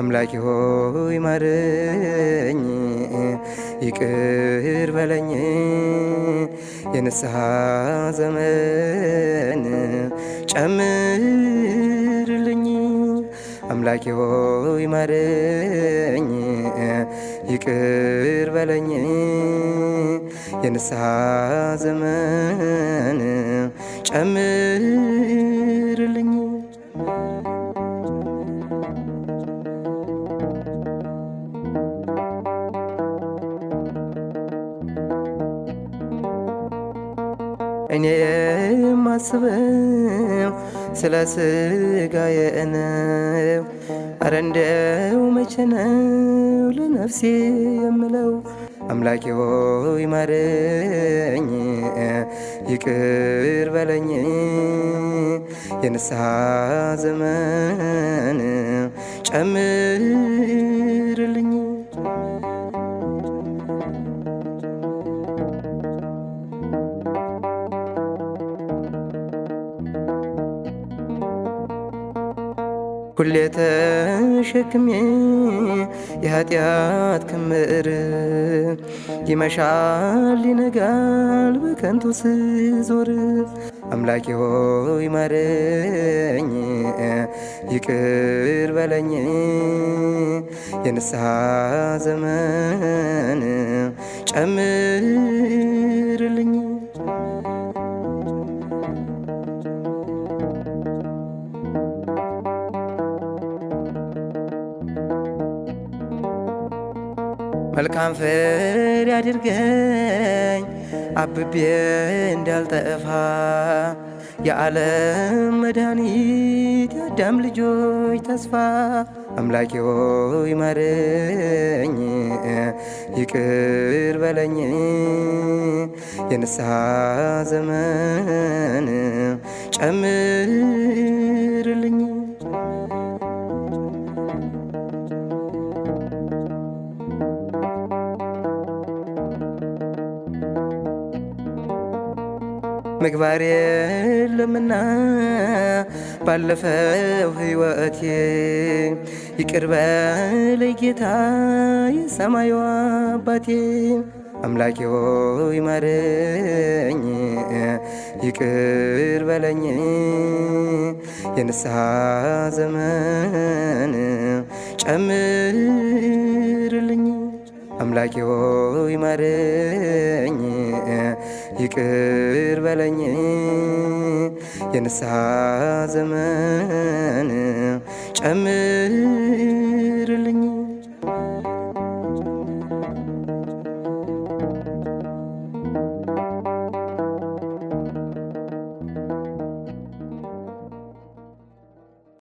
አምላኪ ሆይ ማረኝ፣ ይቅር በለኝ። የንስሐ ዘመን ጨምርልኝ አምላኪ ሆይ ማረኝ፣ ይቅር በለኝ። የንስሐ ዘመን ጨምር እኔ የማስበው ስለ ስጋዬ ነው። አረ እንደው መቼ ነው ለነፍሴ የምለው አምላኪ ሆይ ማረኝ፣ ይቅር በለኝ። የንስሐ ዘመን ጨምር ሁሌ ተሸክሜ የኃጢአት ክምር ይመሻል ይነጋል በከንቱ ስዞር አምላኪ ሆይ ማረኝ፣ ይቅር በለኝ። የንስሐ ዘመን ጨምርልኝ መልካም ፍሬ አድርገኝ አብቤ እንዳልጠፋ የዓለም መድኃኒት የአዳም ልጆች ተስፋ አምላኬ ሆይ ማረኝ፣ ይቅር በለኝ። የንስሐ ዘመን ጨምርልኝ ምግባር የለምና ባለፈው ሕይወቴ ይቅር በለኝ ጌታ የሰማዩ አባቴ አምላኪ ሆይ ማረኝ፣ ይቅር በለኝ የንስሐ ዘመን ጨምርልኝ አምላኬ ሆይ ማረኝ ይቅር በለኝ የንስሐ ዘመን ጨምር